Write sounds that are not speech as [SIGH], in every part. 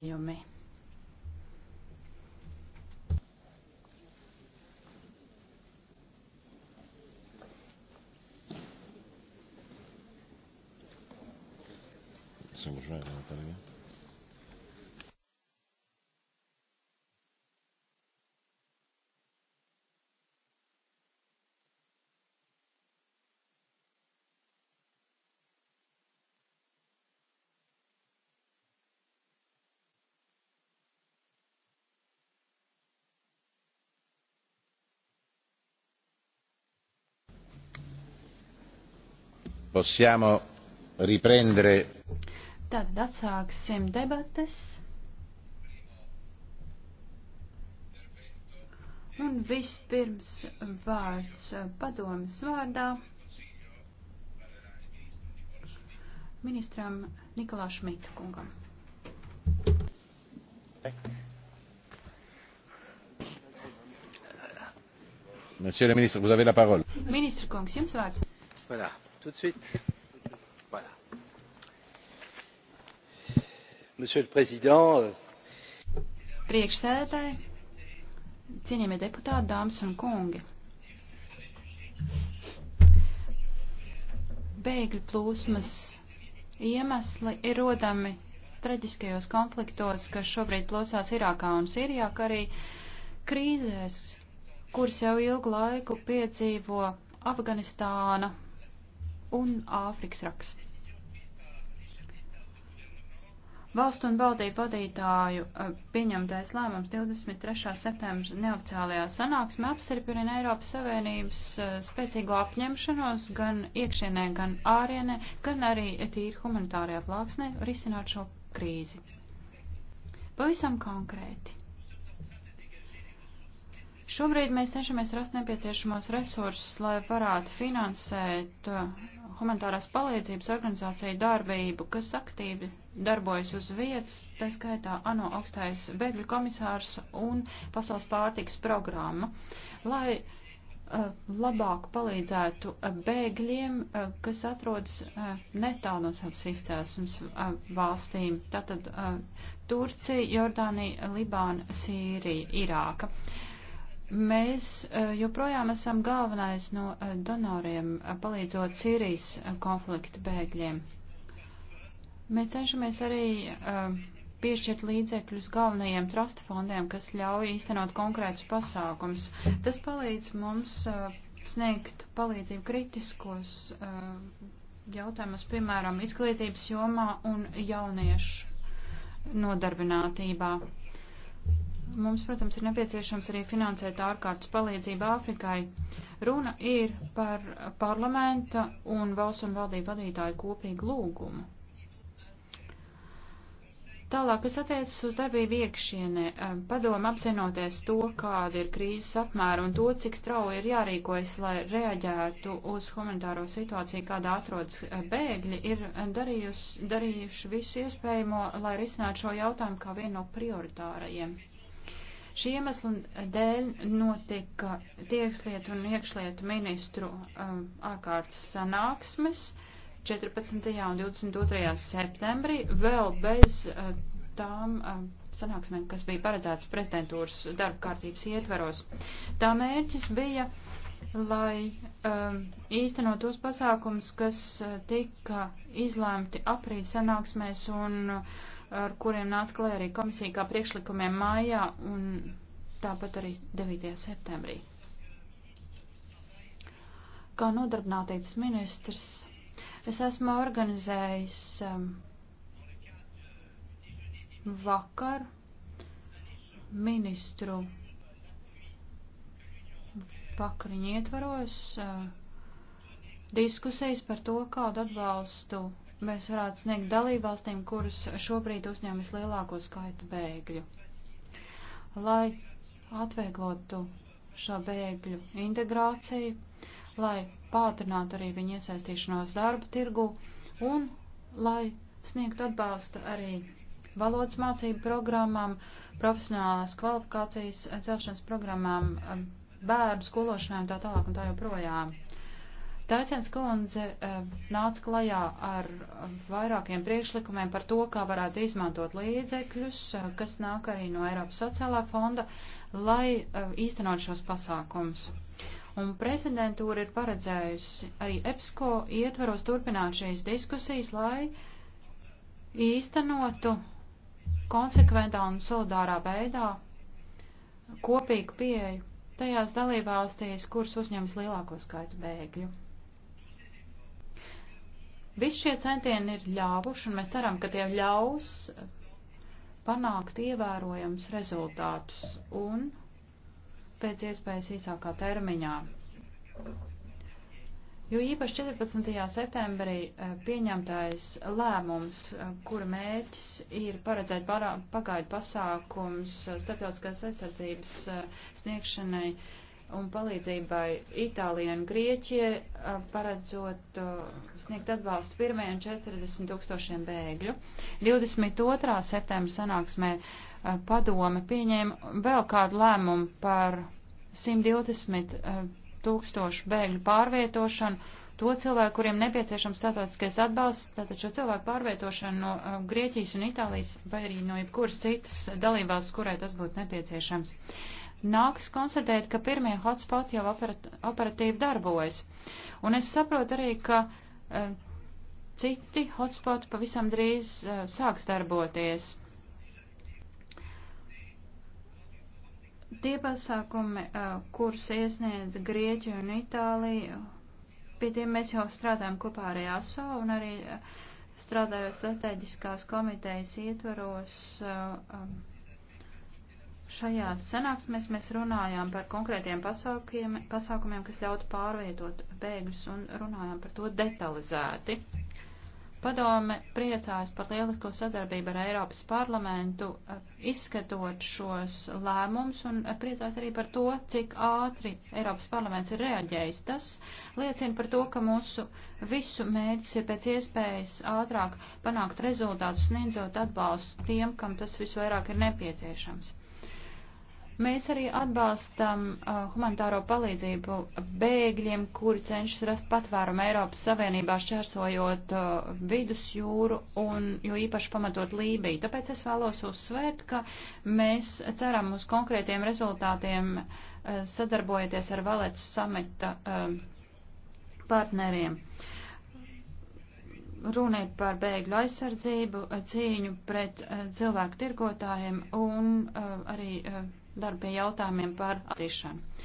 jumi. Myslím možná, že na tady. Possiamo riprendere. Tātad atsāksim debates. Un vispirms vārds padomas vārdā ministram Nikolā Šmita kungam. Monsieur le ministre, vous avez la parole. Ministre kungs, jums vārds. Voilà tout de suite. Voilà. Monsieur le Président. Euh, Priekšsēdētāji, cienījamie deputāti, dāmas un kungi. Bēgļu plūsmas iemesli ir rodami traģiskajos konfliktos, kas šobrīd plosās Irākā un Sīrijā, kā arī krīzēs, kuras jau ilgu laiku piedzīvo Afganistāna un Āfrikas raks. Valstu un valdību vadītāju eh, pieņemtais lēmums 23. septembra neoficiālajā sanāksmē apstiprina Eiropas Savienības eh, spēcīgo apņemšanos gan iekšienē, gan ārienē, gan arī tīri humanitārajā plāksnē risināt šo krīzi. Pavisam konkrēti. Šobrīd mēs cenšamies rast nepieciešamos resursus, lai varētu finansēt uh, humanitārās palīdzības organizāciju darbību, kas aktīvi darbojas uz vietas, tā skaitā ANO augstais bēgļu komisārs un pasaules pārtiks programma, lai uh, labāk palīdzētu uh, bēgļiem, kas atrodas netālu no savas izcelsmes valstīm. Tātad Turcija, Jordānija, Libāna, Sīrija, Irāka. Mēs eh, joprojām esam galvenais no eh, donoriem, eh, palīdzot Sīrijas konflikta bēgļiem. Mēs cenšamies arī piešķirt līdzekļus galvenajiem trust fondiem, kas ļauj īstenot konkrētus pasākums. Tas palīdz mums sniegt palīdzību kritiskos jautājumus, piemēram, izglītības jomā un jauniešu nodarbinātībā. Mums, protams, ir nepieciešams arī finansēt ārkārtas palīdzību Āfrikai. Runa ir par parlamenta un valsts un valdību vadītāju kopīgu lūgumu. Tālāk, kas attiecas uz darbību iekšienē, eh, padomu apzinoties to, kāda ir krīzes apmēra un to, cik strauji ir jārīkojas, lai reaģētu uz humanitāro situāciju, kādā atrodas eh, bēgļi, ir darījusi, darījuši visu iespējamo, lai risinātu šo jautājumu kā vienu no prioritārajiem. Šī iemesla dēļ notika tiekslietu un iekšlietu ministru um, ārkārtas sanāksmes 14. un 22. septembrī, vēl bez uh, tām uh, sanāksmēm, kas bija paredzētas prezidentūras darba kārtības ietveros. Tā mērķis bija, lai um, īstenot tos pasākums, kas uh, tika izlēmti aprīļa sanāksmēs un uh, ar kuriem nāca klajā arī komisija kā priekšlikumiem mājā un tāpat arī 9. septembrī. Kā nodarbinātības ministrs es esmu organizējis um, vakar ministru vakariņu ietvaros uh, diskusijas par to, kādu atbalstu mēs varētu sniegt dalībvalstīm, kuras šobrīd uzņem vislielāko skaitu bēgļu. Lai atvieglotu šo bēgļu integrāciju, lai pātrinātu arī viņu iesaistīšanos darba tirgu un lai sniegtu atbalstu arī valodas mācību programmām, profesionālās kvalifikācijas celšanas programmām, bērnu skološanām tā tālāk un tā joprojām. Taisens kundze eh, nāca klajā ar vairākiem priekšlikumiem par to, kā varētu izmantot līdzekļus, eh, kas nāk arī no Eiropas sociālā fonda, lai eh, īstenot šos pasākums. Un prezidentūra ir paredzējusi arī EPSCO ietvaros turpināt šīs diskusijas, lai īstenotu konsekventā un solidārā veidā kopīgu pieeju tajās dalībvalstīs, kuras uzņemas lielāko skaitu bēgļu. Visi šie centieni ir ļāvuši, un mēs ceram, ka tie ļaus panākt ievērojams rezultātus un pēc iespējas īsākā termiņā. Jo īpaši 14. septembrī eh, pieņemtais lēmums, eh, kura mērķis ir paredzēt pagaidu pasākums eh, starptautiskās aizsardzības sniegšanai un palīdzībai Itālijai un Grieķijai paredzot sniegt atbalstu pirmajiem 40 tūkstošiem bēgļu. 22. septembra sanāksmē padome pieņēma vēl kādu lēmumu par 120 tūkstošu bēgļu pārvietošanu. To cilvēku, kuriem nepieciešams starptautiskais atbalsts, tātad šo cilvēku pārvietošanu no Grieķijas un Itālijas vai arī no jebkuras citas dalībās, kurai tas būtu nepieciešams. Uh, nāks konstatēt, ka pirmie hotspot jau operat operatīvi darbojas. Un es saprotu arī, ka uh, citi hotspoti pavisam drīz uh, sāks darboties. Tie pasākumi, uh, kurus iesniedz Grieķija un Itālija, pie tiem mēs jau strādājam kopā ar ASO un arī strādājot strateģiskās komitejas ietvaros. Uh, um, Šajās sanāksmēs mēs runājām par konkrētiem pasākumiem, pasākumiem kas ļautu pārvietot bēgļus un runājām par to detalizēti. Padome priecājas par lielisko sadarbību ar Eiropas parlamentu, izskatot šos lēmumus un priecājas arī par to, cik ātri Eiropas parlaments ir reaģējis. Tas liecina par to, ka mūsu visu mērķis ir pēc iespējas ātrāk panākt rezultātus, sniedzot atbalstu tiem, kam tas visvairāk ir nepieciešams. Mēs arī atbalstam uh, humanitāro palīdzību bēgļiem, kuri cenšas rast patvērumu Eiropas Savienībā šķērsojot uh, vidusjūru un jo īpaši pamatot Lībiju. Tāpēc es vēlos uzsvērt, ka mēs ceram uz konkrētiem rezultātiem uh, sadarbojoties ar Valets samita uh, partneriem. Uh, runa ir par bēgļu aizsardzību, cīņu pret uh, cilvēku tirgotājiem un uh, arī uh, darbu pie jautājumiem par attīšanu.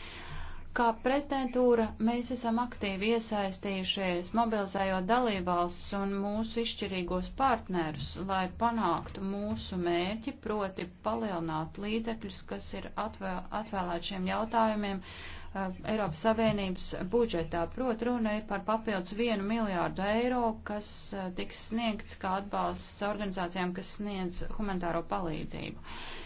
Kā prezidentūra mēs esam aktīvi iesaistījušies, mobilizējot dalībvalsts un mūsu izšķirīgos partnerus, lai panāktu mūsu mērķi, proti palielināt līdzekļus, kas ir atvēl, atvēlēt šiem jautājumiem uh, Eiropas Savienības budžetā. Proti runa ir par papildus vienu miljārdu eiro, kas uh, tiks sniegts kā atbalsts organizācijām, kas sniedz humanitāro palīdzību. Uh,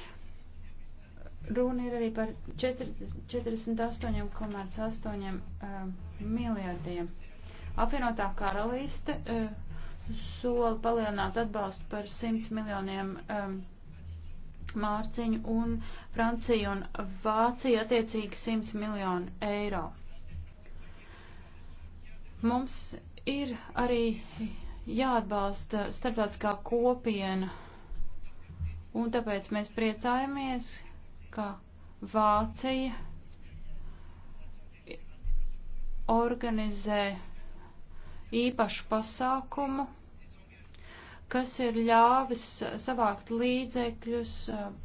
Runa ir arī par 48,8 uh, eh, miljardiem. Apvienotā karalīste uh, eh, sola palielināt atbalstu par 100 miljoniem um, mārciņu un Francija un Vācija attiecīgi 100 miljonu eiro. Mums ir arī jāatbalsta starptautiskā kopiena, un tāpēc mēs priecājamies, ka Vācija organizē īpašu pasākumu, kas ir ļāvis savākt līdzekļus,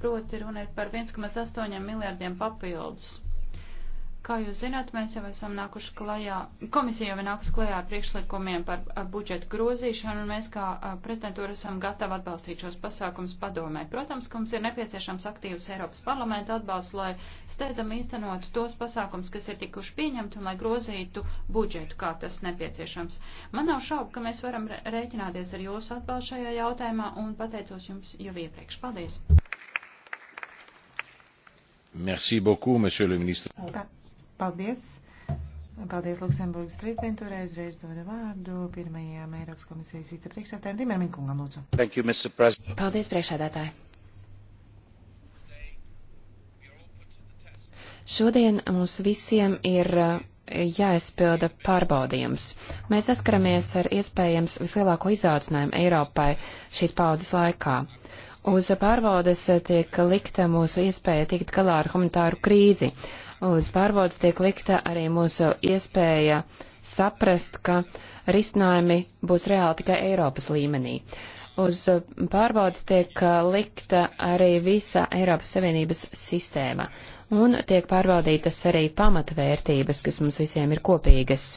proti runa ir par 1,8 miljārdiem papildus. Kā jūs zināt, mēs jau esam nākuši klajā, komisija jau ir nākusi klajā priekšlikumiem par budžetu grozīšanu, un mēs kā prezidentūra esam gatavi atbalstīt šos pasākums padomē. Protams, ka mums ir nepieciešams aktīvs Eiropas parlamenta atbalsts, lai steidzam īstenot tos pasākums, kas ir tikuši pieņemti, un lai grozītu budžetu, kā tas nepieciešams. Man nav šaubu, ka mēs varam rēķināties ar jūsu atbalstu šajā jautājumā, un pateicos jums jau iepriekš. Paldies! Merci beaucoup, monsieur le ministre. Paldies. Paldies! Paldies Luksemburgas prezidentūrai. Uzreiz dodu vārdu pirmajām Eiropas komisijas vicepriekšādātājiem Dimermin kungam, lūdzu. Thank you, Mr. President. Paldies, priekšādātāji. Šodien mums visiem ir eh, jāizpilda pārbaudījums. Mēs saskaramies ar iespējams vislielāko izaicinājumu Eiropai šīs paudzes laikā. Uz pārbaudes tiek likta mūsu iespēja tikt galā ar humanitāru krīzi. Uz pārbaudas tiek likta arī mūsu iespēja saprast, ka risinājumi būs reāli tikai Eiropas līmenī. Uz pārbaudas tiek uh, likta arī visa Eiropas Savienības sistēma, un tiek pārbaudītas arī pamatvērtības, kas mums visiem ir kopīgas.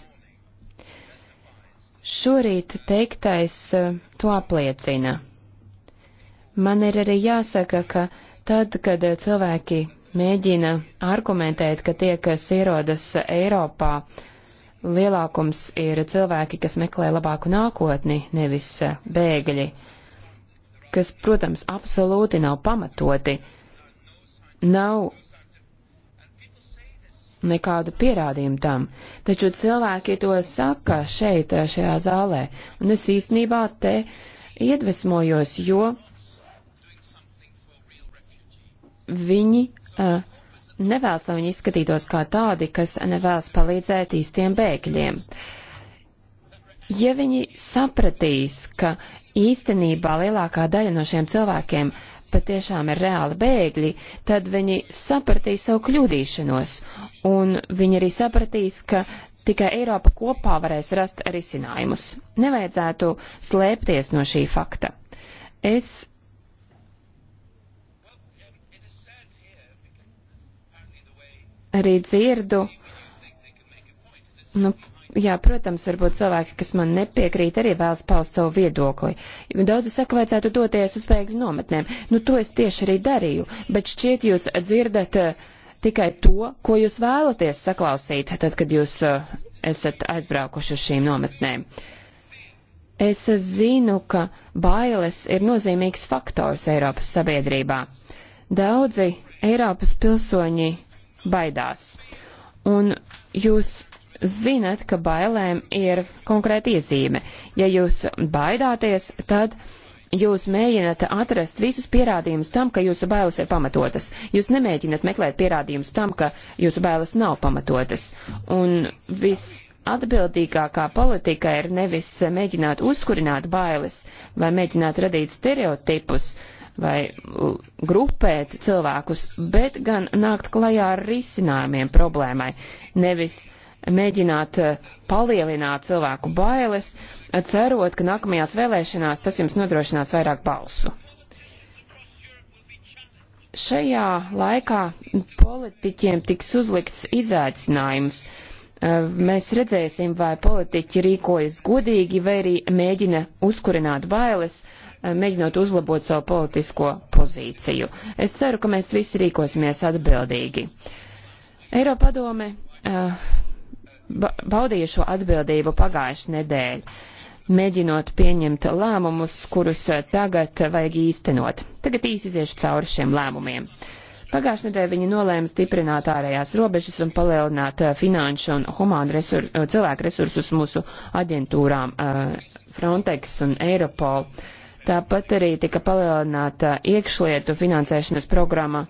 Šorīt teiktais uh, to apliecina. Man ir arī jāsaka, ka tad, kad uh, cilvēki mēģina argumentēt, ka tie, kas eh, ierodas Eiropā, lielākums ir cilvēki, kas meklē labāku nākotni, nevis eh, bēgļi, kas, protams, absolūti nav pamatoti. Nav nekādu pierādījumu tam, taču cilvēki to saka šeit, eh, šajā zālē, un es īstenībā te iedvesmojos, jo viņi nevēlas, lai viņi izskatītos kā tādi, kas nevēlas palīdzēt īstiem bēgļiem. Ja viņi sapratīs, ka īstenībā lielākā daļa no šiem cilvēkiem patiešām ir reāli bēgļi, tad viņi sapratīs savu kļūdīšanos, un viņi arī sapratīs, ka tikai Eiropa kopā varēs rast risinājumus. Nevajadzētu slēpties no šī fakta. Es arī dzirdu, nu, jā, protams, varbūt cilvēki, kas man nepiekrīt, arī vēlas paust savu viedokli. Daudzi saka, vajadzētu doties uz bēgļu nometnēm. Nu, to es tieši arī darīju, bet šķiet jūs dzirdat eh, tikai to, ko jūs vēlaties saklausīt, tad, kad jūs eh, esat aizbraukuši uz šīm nometnēm. Es zinu, ka bailes ir nozīmīgs faktors Eiropas sabiedrībā. Daudzi Eiropas pilsoņi baidās. Un jūs zinat, ka bailēm ir konkrēta iezīme. Ja jūs baidāties, tad jūs mēģināt atrast visus pierādījumus tam, ka jūsu bailes ir pamatotas. Jūs nemēģināt meklēt pierādījumus tam, ka jūsu bailes nav pamatotas. Un viss atbildīgākā politika ir nevis mēģināt uzkurināt bailes vai mēģināt radīt stereotipus, uh, vai grupēt cilvēkus, bet gan nākt klajā ar risinājumiem problēmai, nevis mēģināt eh, palielināt cilvēku bailes, eh, cerot, ka nākamajās vēlēšanās tas jums nodrošinās vairāk balsu. Šajā laikā politiķiem tiks uzlikts izaicinājums. Eh, mēs redzēsim, vai politiķi rīkojas godīgi vai arī mēģina uzkurināt bailes, uh, Eh, mēģinot uzlabot savu politisko pozīciju. Es ceru, ka mēs visi rīkosimies atbildīgi. Eiropadome eh, baudīja šo atbildību pagājušu nedēļu, mēģinot pieņemt lēmumus, kurus eh, tagad vajag īstenot. Tagad īsi iziešu cauri šiem lēmumiem. Pagājušajā nedēļā viņi nolēma stiprināt ārējās robežas un palielināt finanšu un humānu resurs, cilvēku resursus mūsu aģentūrām Frontex un Eiropol. Tāpat arī tika palielināta iekšlietu finansēšanas programma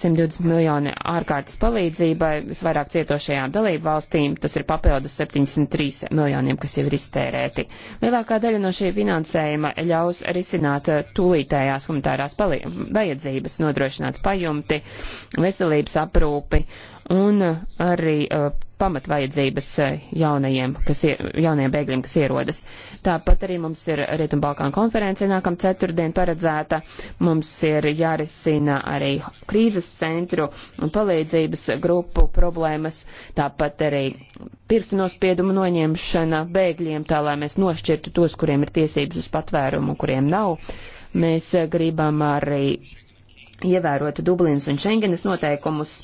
120 miljoni ārkārtas palīdzībai visvairāk cietošajām dalību valstīm, tas ir papildus 73 miljoniem, kas jau ir iztērēti. Lielākā daļa no šī finansējuma ļaus risināt eh, tūlītējās humanitārās vajadzības, nodrošināt pajumti, veselības aprūpi un uh, arī uh, pamatvajadzības uh, jaunajiem, kas ir, jaunajiem bēgļiem, kas ierodas. Tāpat arī mums ir Rietumbalkāna konference nākam ceturtdien paredzēta. Mums ir jārisina arī krīzes centru un palīdzības grupu problēmas, tāpat arī pirkstu nospiedumu noņemšana bēgļiem, tā lai mēs nošķirtu tos, kuriem ir tiesības uz patvērumu un kuriem nav. Mēs uh, gribam arī ievērot Dublinas un Schengenes noteikumus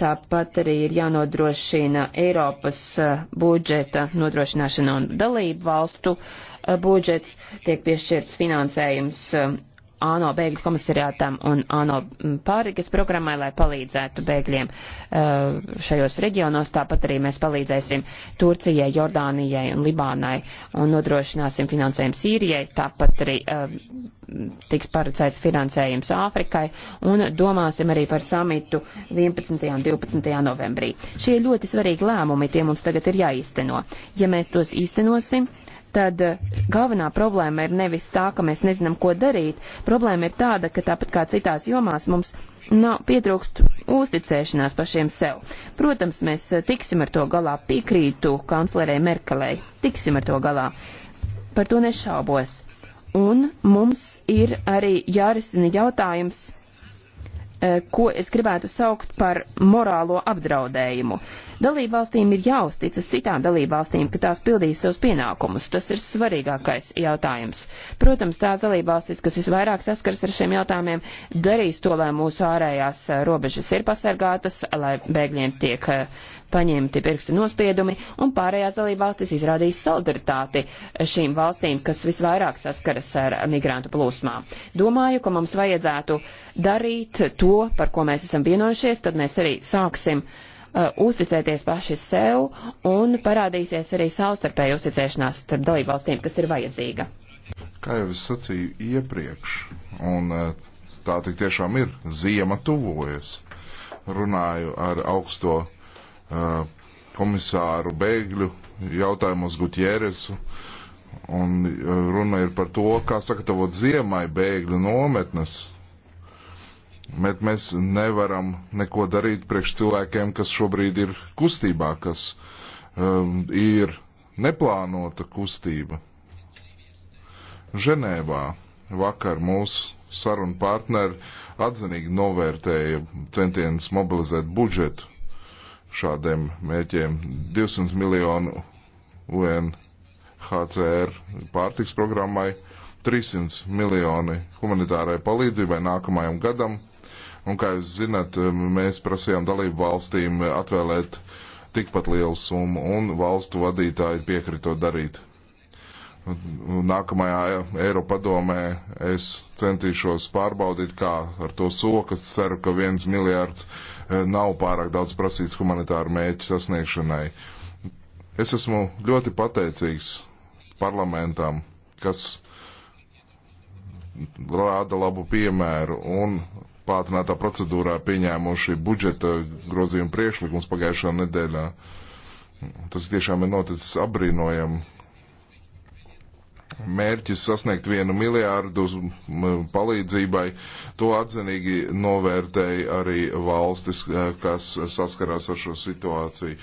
Tāpat arī ir jānodrošina Eiropas eh, budžeta nodrošināšana un dalību valstu eh, budžets, tiek piešķirts finansējums eh, ANO bēgļu komisariātam un ANO mm, pārīgas programmai, lai palīdzētu bēgļiem uh, šajos reģionos. Tāpat arī mēs palīdzēsim Turcijai, Jordānijai un Libānai un nodrošināsim finansējumu Sīrijai. Tāpat arī uh, tiks paredzēts finansējums Āfrikai un domāsim arī par samitu 11. un 12. novembrī. Šie ļoti svarīgi lēmumi, tie mums tagad ir jāīsteno. Ja mēs tos īstenosim, tad eh, galvenā problēma ir nevis tā, ka mēs nezinām, ko darīt. Problēma ir tāda, ka tāpat kā citās jomās mums nav pietrūkst uzticēšanās pašiem sev. Protams, mēs eh, tiksim ar to galā, piekrītu kanclerei Merkelei, tiksim ar to galā. Par to nešaubos. Un mums ir arī jārisina jautājums Eh, ko es gribētu saukt par morālo apdraudējumu. Dalībvalstīm ir jāuzticas citām dalībvalstīm, ka tās pildīs savus pienākumus. Tas ir svarīgākais jautājums. Protams, tās dalībvalstis, kas visvairāk saskars ar šiem jautājumiem, darīs to, lai mūsu ārējās eh, robežas ir pasargātas, lai bēgļiem tiek eh, paņemti pirkstu nospiedumi, un pārējās dalībvalstis izrādīs solidaritāti šīm valstīm, kas visvairāk saskaras ar migrantu plūsmām. Domāju, ka mums vajadzētu darīt to, par ko mēs esam vienojušies, tad mēs arī sāksim uh, uzticēties paši sev un parādīsies arī savstarpēja uzticēšanās starp dalībvalstīm, kas ir vajadzīga. Kā jau es sacīju iepriekš, un uh, tā tik tiešām ir, ziema tuvojas. Runāju ar augsto Eh, komisāru bēgļu jautājumos Gutjēresu. Un eh, runa ir par to, kā sagatavot ziemai bēgļu nometnes. Bet mēs nevaram neko darīt priekš cilvēkiem, kas šobrīd ir kustībā, kas um, ir neplānota kustība. Ženēvā vakar mūsu sarunu partneri atzinīgi novērtēja centienus mobilizēt budžetu šādiem mērķiem. 200 miljonu UNHCR pārtiks programmai, 300 miljoni humanitārai palīdzībai nākamajam gadam. Un, kā jūs zinat, mēs prasījām dalību valstīm atvēlēt tikpat lielu summu, un valstu vadītāji piekrito darīt. Nākamajā Eiropadomē es centīšos pārbaudīt, kā ar to sokas ceru, ka viens miljārds uh, Eh, nav pārāk daudz prasīts humanitāru mērķu sasniegšanai. Es esmu ļoti pateicīgs parlamentam, kas rāda labu piemēru un pātrinātā procedūrā pieņēmuši budžeta grozījumu priekšlikums pagājušā nedēļā. Tas tiešām ir noticis apbrīnojami mērķis sasniegt vienu miljārdu palīdzībai, to atzinīgi novērtēja arī valstis, eh, kas saskarās ar šo situāciju.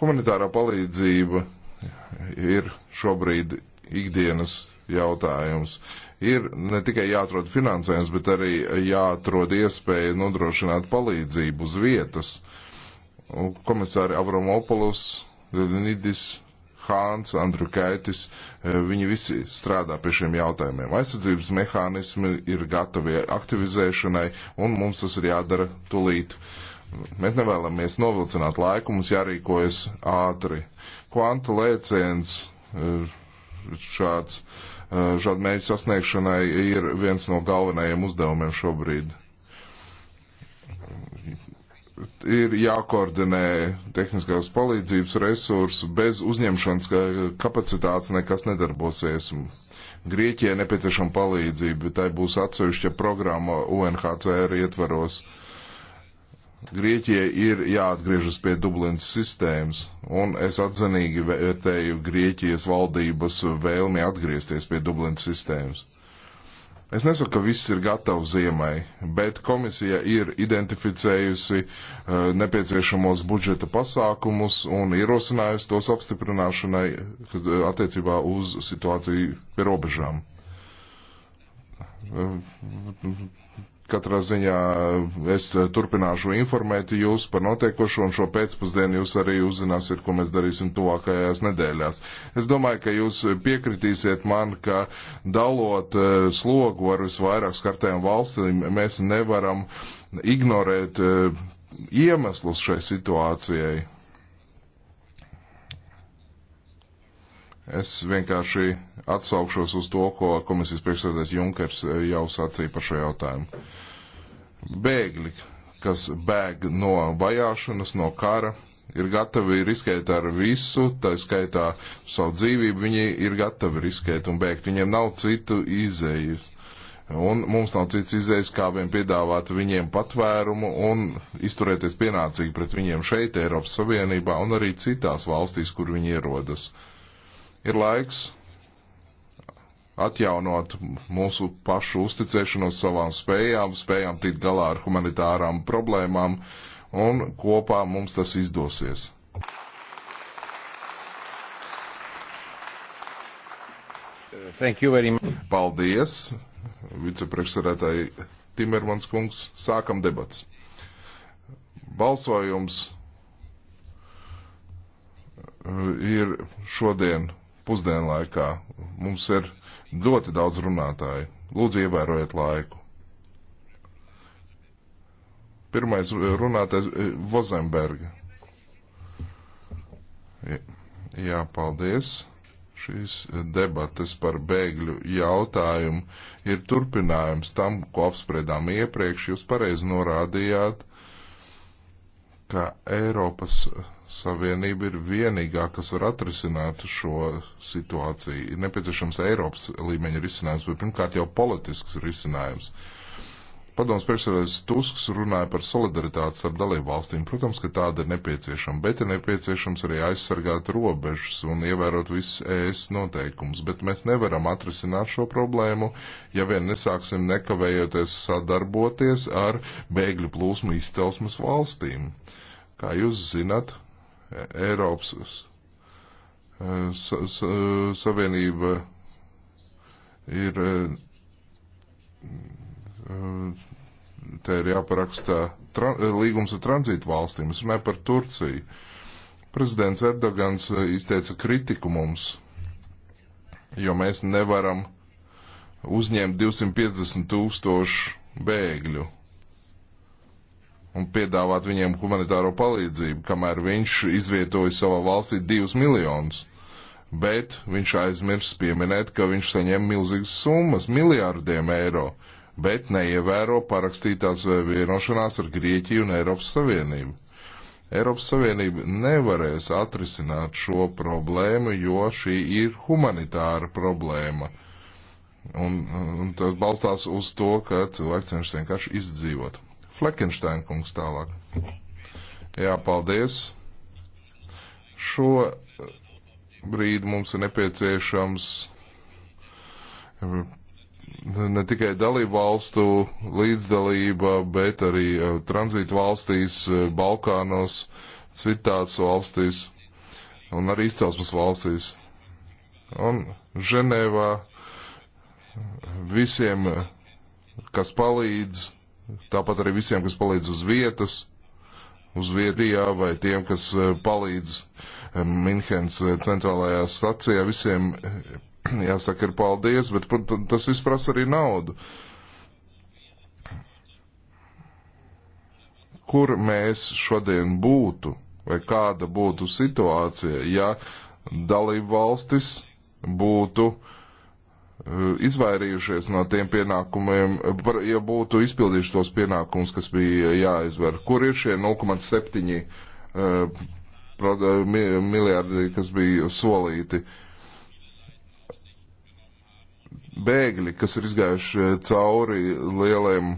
Humanitārā palīdzība ir šobrīd ikdienas jautājums. Ir ne tikai jāatrod finansējums, bet arī jāatrod iespēja nodrošināt palīdzību uz vietas. Komisāri Avramopoulos, Leonidis Hāns, Andru Kaitis, e, viņi visi strādā pie šiem jautājumiem. Aizsardzības mehānismi ir gatavi aktivizēšanai, un mums tas ir jādara tulīt. Mēs nevēlamies novilcināt laiku, mums jārīkojas ātri. Kvanta lēciens e, šāds, e, šāda mērķa sasniegšanai ir viens no galvenajiem uzdevumiem šobrīd ir jākoordinē tehniskās palīdzības resursi, bez uzņemšanas kapacitātes nekas nedarbosies. Grieķijai nepieciešama palīdzība, tai būs atsevišķa programma UNHCR ietvaros. Grieķijai ir jāatgriežas pie Dublinas sistēmas, un es atzinīgi vērtēju Grieķijas valdības vēlmi atgriezties pie Dublinas sistēmas. Es nesaku, ka viss ir gatavs ziemai, bet komisija ir identificējusi eh, nepieciešamos budžeta pasākumus un ierosinājusi tos apstiprināšanai kas, eh, attiecībā uz situāciju pie robežām. Eh, Katrā ziņā es eh, turpināšu informēt jūs par notiekošo, un šo pēcpusdienu jūs arī uzzināsiet, ko mēs darīsim tuvākajās nedēļās. Es domāju, ka jūs piekritīsiet man, ka dalot eh, slogu ar visvairāk skartējām valstīm, mēs nevaram ignorēt eh, iemeslus šai situācijai. Es vienkārši atsaukšos uz to, ko komisijas priekšsēdētājs Junkers eh, jau sacīja par šo jautājumu. Bēgļi, kas bēg no vajāšanas, no kara, ir gatavi riskēt ar visu, tā skaitā savu dzīvību, viņi ir gatavi riskēt un bēgt. Viņiem nav citu izējas. Un mums nav cits izējas, kā vien piedāvāt viņiem patvērumu un izturēties pienācīgi pret viņiem šeit, Eiropas Savienībā un arī citās valstīs, kur viņi ierodas. Uh, Ir laiks atjaunot mūsu pašu uzticēšanos savām spējām, spējām tikt galā ar humanitārām problēmām, un kopā mums tas izdosies. Paldies, vicepriekšsēdētāji Timermans kungs. Sākam debats. Balsojums uh, ir šodien pusdienlaikā. Mums ir ļoti daudz runātāju. Lūdzu, ievērojiet laiku. Pirmais runātais eh, - Vozemberga. Jā, paldies. Šīs debates par bēgļu jautājumu ir turpinājums tam, ko apspriedām iepriekš. Jūs pareizi norādījāt, ka Eiropas Savienība ir vienīgā, kas var atrisināt šo situāciju. Ir nepieciešams Eiropas līmeņa risinājums, bet pirmkārt jau politisks risinājums. Padoms priekšsēdētājs Tusks runāja par solidaritātes ar dalību valstīm. Protams, ka tāda ir nepieciešama, bet ir nepieciešams arī aizsargāt robežas un ievērot visas ES noteikumus. Bet mēs nevaram atrisināt šo problēmu, ja vien nesāksim nekavējoties sadarboties ar bēgļu plūsmu izcelsmes valstīm. Kā jūs zinat, Eiropas eh, Savienība ir, eh, eh, te ir jāparakstā līgums ar tranzītu valstīm, es runāju par Turciju. Prezidents Erdogans izteica kritiku mums, jo mēs nevaram uzņemt 250 tūkstošu bēgļu un piedāvāt viņiem humanitāro palīdzību, kamēr viņš izvietoja savā valstī divus miljonus. Bet viņš aizmirst pieminēt, ka viņš saņem milzīgas summas, miljārdiem eiro, bet neievēro parakstītās vienošanās ar Grieķiju un Eiropas Savienību. Eiropas Savienība nevarēs atrisināt šo problēmu, jo šī ir humanitāra problēma. Un, un tas balstās uz to, ka cilvēks cenšas vienkārši izdzīvot. Fleckensteina kungs tālāk. Jā, paldies. Šo brīdi mums ir nepieciešams eh, ne tikai dalību valstu līdzdalība, bet arī eh, tranzītu valstīs, eh, Balkānos, citās valstīs un arī izcelsmes valstīs. Un Ženēvā visiem, kas palīdz tāpat arī visiem, kas palīdz uz vietas, uz Vietijā vai tiem, kas eh, palīdz eh, Minhenes eh, centrālajā stacijā. Visiem [CLEARS THROAT] jāsaka ir paldies, bet tas viss prasa arī naudu. Kur mēs šodien būtu vai kāda būtu situācija, ja dalību valstis būtu uh, Eh, izvairījušies no tiem pienākumiem, eh, ja būtu izpildījuši tos pienākumus, kas bija jāizver. Kur ir šie 0,7 eh, miljardi, kas bija solīti? Bēgļi, kas ir izgājuši cauri lieliem,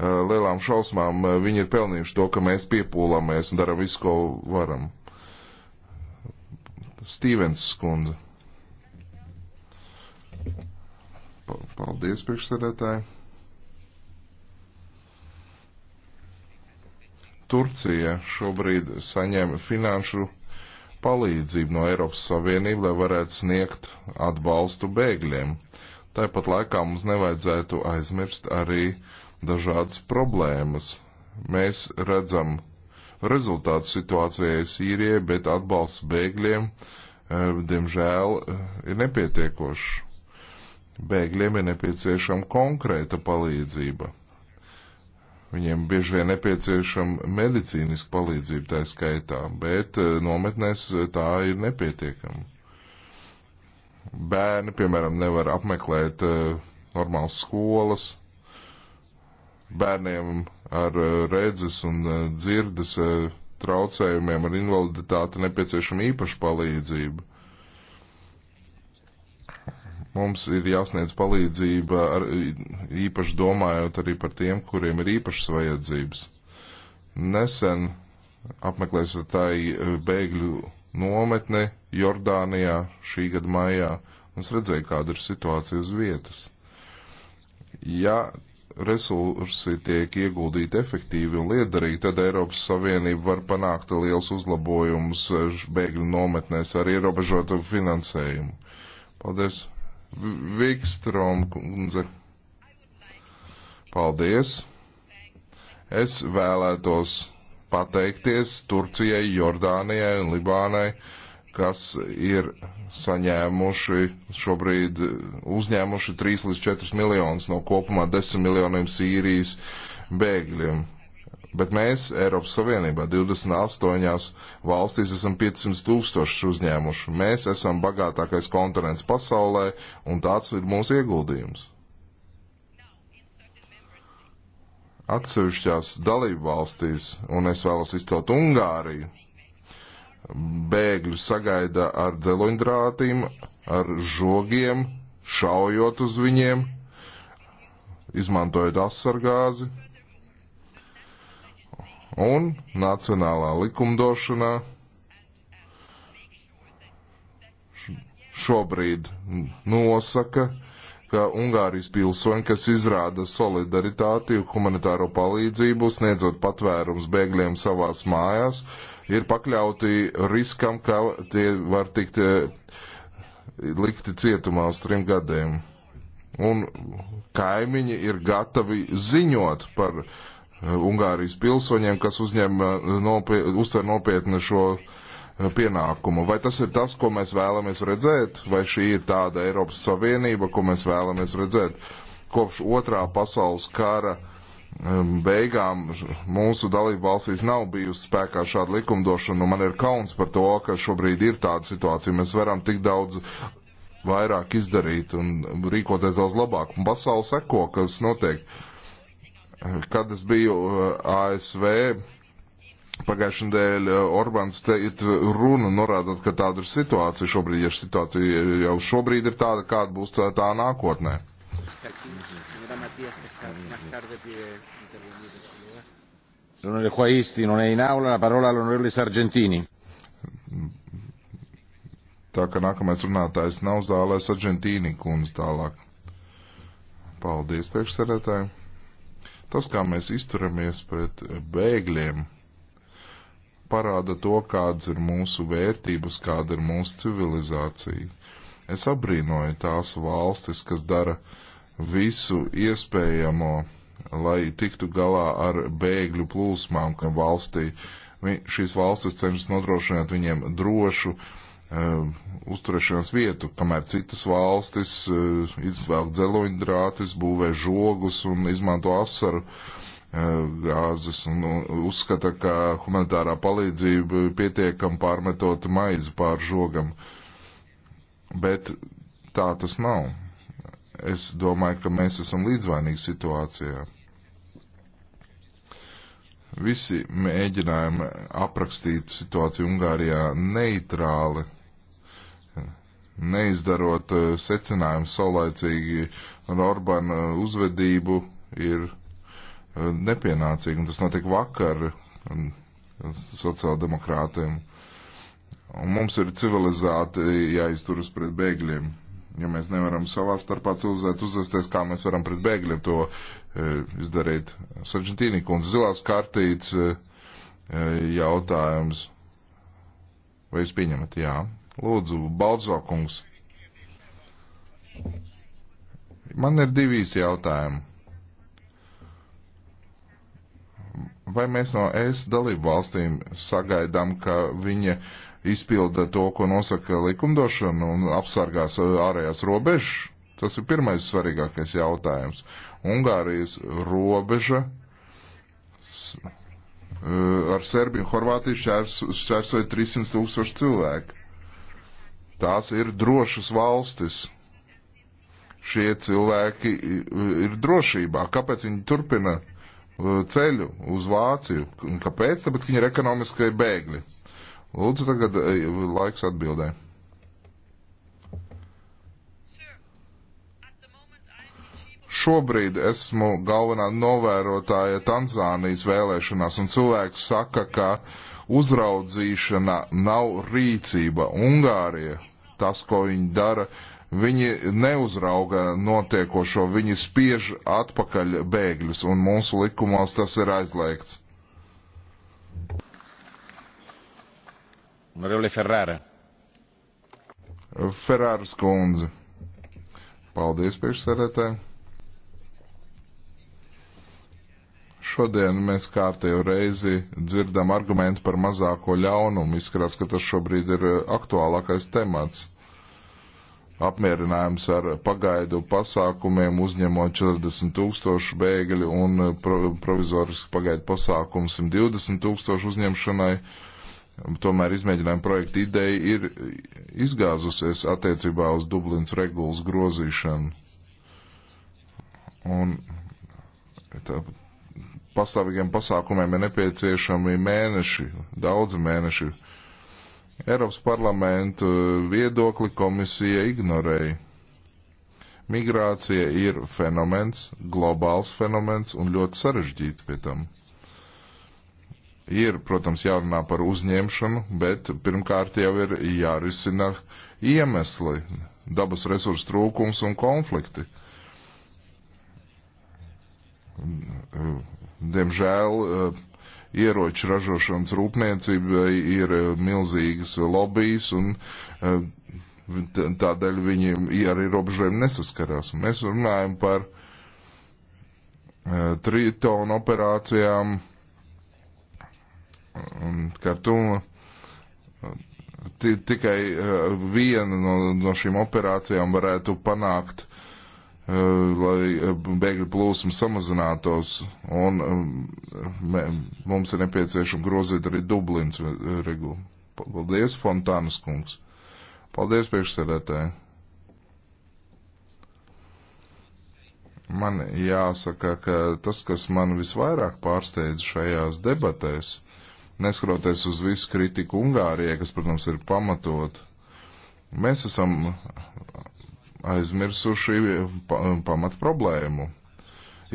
lielām šausmām, viņi ir pelnījuši to, ka mēs piepūlamies un darām visu, ko varam. Stīvens skundze. Paldies, priekšsēdētāji. Turcija šobrīd saņem finanšu palīdzību no Eiropas Savienību, lai varētu sniegt atbalstu bēgļiem. Tāpat laikā mums nevajadzētu aizmirst arī dažādas problēmas. Mēs redzam rezultātu situācijai Sīrijai, bet atbalsts bēgļiem, eh, diemžēl, eh, ir nepietiekošs. Bēgļiem ir nepieciešama konkrēta palīdzība. Viņiem bieži vien nepieciešama medicīniska palīdzība tā skaitā, bet eh, nometnēs eh, tā ir nepietiekama. Bērni, piemēram, nevar apmeklēt uh, normālas skolas, bērniem ar redzes un dzirdes traucējumiem, ar invaliditāti nepieciešama īpaša palīdzība. Mums ir jāsniedz palīdzība, ar, īpaši domājot arī par tiem, kuriem ir īpašas vajadzības. Nesen apmeklētāji e, bēgļu nometne Jordānijā šī gada maijā. Mums redzēja, kāda ir situācija uz vietas. Ja resursi tiek ieguldīti efektīvi un liederīgi, tad Eiropas Savienība var panākt liels uzlabojums e, bēgļu nometnēs ar ierobežotu finansējumu. Paldies! Vikstrom kundze. Paldies. Es vēlētos pateikties Turcijai, Jordānijai un Libānai, kas ir saņēmuši šobrīd uzņēmuši 3 līdz 4 miljonus no kopumā 10 miljoniem Sīrijas bēgļiem. Bet mēs Eiropas Savienībā 28 valstīs esam 500 tūkstoši uzņēmuši. Mēs esam bagātākais kontinents pasaulē, un tāds ir mūsu ieguldījums. Atsevišķās dalību valstīs, un es vēlos izcelt Ungāriju, bēgļu sagaida ar dzeloņdrātīm, ar žogiem, šaujot uz viņiem, izmantojot asargāzi un nacionālā likumdošanā šobrīd nosaka, ka Ungārijas pilsoņi, kas izrāda solidaritāti un humanitāro palīdzību, sniedzot patvērums bēgļiem savās mājās, ir pakļauti riskam, ka tie var tikt e, likti cietumā uz trim gadiem. Un kaimiņi ir gatavi ziņot par uh, Ungārijas pilsoņiem, kas uzņem, eh, nopie, uztver nopietni šo eh, pienākumu. Vai tas ir tas, ko mēs vēlamies redzēt, vai šī ir tāda Eiropas Savienība, ko mēs vēlamies redzēt? Kopš otrā pasaules kara beigām mūsu dalību valstīs nav bijusi spēkā šāda likumdošana, un man ir kauns par to, ka šobrīd ir tāda situācija. Mēs varam tik daudz vairāk izdarīt un rīkoties daudz labāk. Un pasauli seko, kas notiek. Uh, Kad es biju eh, ASV, pagājušajā nedēļā eh, Orbāns teica runu, norādot, ka tāda ir situācija šobrīd, ja situācija jau šobrīd ir tāda, kāda būs tā, tā nākotnē. L'onorevole Quaisti non è in aula, la parola all'onorevole Sargentini. Tā kā nākamais runātājs nav zālē, Sargentīni kundze tālāk. Paldies, priekšsēdētāji. Tas, kā mēs izturamies pret bēgļiem, parāda to, kādas ir mūsu vērtības, kāda ir mūsu civilizācija. Es abrīnoju tās valstis, kas dara visu iespējamo, lai tiktu galā ar bēgļu plūsmām, ka valstī šīs valstis cenšas nodrošināt viņiem drošu uh, Um, uzturēšanās vietu, kamēr citas valstis uh, izvēl dzeloņdrātis, būvē žogus un izmanto asaru uh, gāzes un uzskata, ka humanitārā palīdzība pietiekam pārmetot maizi pār žogam. Bet tā tas nav. Es domāju, ka mēs esam līdzvainīgi situācijā. Visi mēģinājumi aprakstīt situāciju Ungārijā neitrāli neizdarot eh, secinājumu saulaicīgi ar Orbāna uzvedību ir eh, nepienācīgi. Un tas notiek vakar sociāldemokrātiem. Un mums ir civilizēti jāizturas pret bēgļiem. Ja mēs nevaram savā starpā cilvēku uzvesties, kā mēs varam pret bēgļiem to e, izdarīt. Sargentīni kundze, zilās kartītes e, jautājums. Vai jūs pieņemat? Jā. Lūdzu, Balzo kungs. Man ir divīs jautājumi. Vai mēs no ES dalību valstīm sagaidām, ka viņa izpilda to, ko nosaka likumdošana un apsargās ārējās robežas? Tas ir pirmais svarīgākais jautājums. Ungārijas robeža eh, ar Serbiju un Horvātiju šķērsoja 300 tūkstoši cilvēku. Tās ir drošas valstis. Šie cilvēki ir drošībā. Kāpēc viņi turpina uh, ceļu uz Vāciju? Kāpēc? Tāpēc, ka viņi ir ekonomiskai bēgļi. Lūdzu, tagad uh, laiks atbildē. Šobrīd esmu galvenā novērotāja Tanzānijas vēlēšanās, un cilvēks saka, ka uzraudzīšana nav rīcība. Ungārija tas, ko viņi dara, viņi neuzrauga notiekošo, viņi spiež atpakaļ bēgļus, un mūsu likumos tas ir aizliegts. Honorable Ferrara. Ferrāras kundze. Paldies, priekšsēdētāji. Šodien mēs kārtējo reizi dzirdam argumentu par mazāko ļaunumu. Izskatās, ka tas šobrīd ir eh, aktuālākais temats. Apmierinājums ar pagaidu pasākumiem, uzņemot 40 tūkstošu bēgļu un eh, provizorisku pagaidu pasākumu 120 tūkstošu uzņemšanai. Tomēr izmēģinājuma projekta ideja ir izgāzusies attiecībā uz Dublins regulas grozīšanu. Un tā, pastāvīgiem pasākumiem ir nepieciešami mēneši, daudzi mēneši. Eiropas parlamentu viedokli komisija ignorēja. Migrācija ir fenomens, globāls fenomens un ļoti sarežģīts pie tam. Ir, protams, jārunā par uzņemšanu, bet pirmkārt jau ir jārisina iemesli - dabas resursu trūkums un konflikti Diemžēl eh, ieroču ražošanas rūpniecībai ir eh, milzīgas lobbyjas un eh, tādēļ viņiem ar ierobežojumiem nesaskarās. Mēs runājam par tritonu operācijām un kartuma. Tikai viena no, no šīm operācijām varētu panākt Eh, lai eh, bēgļu plūsma samazinātos, un eh, mē, mums ir nepieciešama grozīt arī Dublins regulu. Paldies, Fontānas kungs. Paldies, priekšsēdētāji. Man jāsaka, ka tas, kas man visvairāk pārsteidz šajās debatēs, neskroties uz visu kritiku Ungārijai, kas, protams, ir pamatot, mēs esam aizmirsuši eh, eh, pamat problēmu -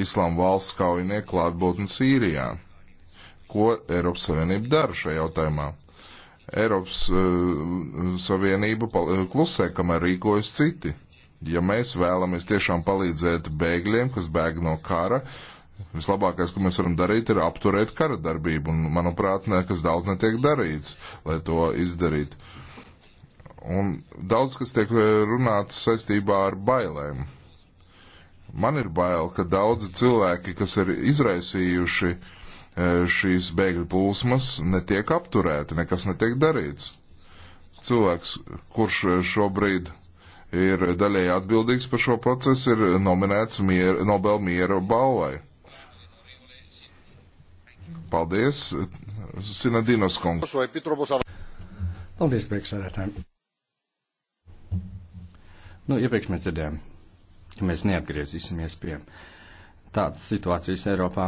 Islāma valsts kaujinieku klātbūtni Sīrijā. Ko Eiropas Savienība dara šajā jautājumā? Eiropas uh, Savienība klusē, kamēr rīkojas citi. Ja mēs vēlamies tiešām palīdzēt bēgļiem, kas bēg no kara, vislabākais, ko mēs varam darīt, ir apturēt kara darbību. Un, manuprāt, nekas daudz netiek darīts, lai to izdarītu. Un daudz kas tiek eh, runāts saistībā ar bailēm. Man ir bail, ka daudzi cilvēki, kas ir izraisījuši eh, šīs bēgļu plūsmas, netiek apturēti, nekas netiek darīts. Cilvēks, kurš eh, šobrīd ir daļēji atbildīgs par šo procesu, ir nominēts mier, Nobel miera balvai. Paldies, Sinadinos kungs. Paldies, priekšsēdētāji. Nu, iepriekš mēs dzirdējām, ka mēs neatgriezīsimies pie tādas situācijas Eiropā,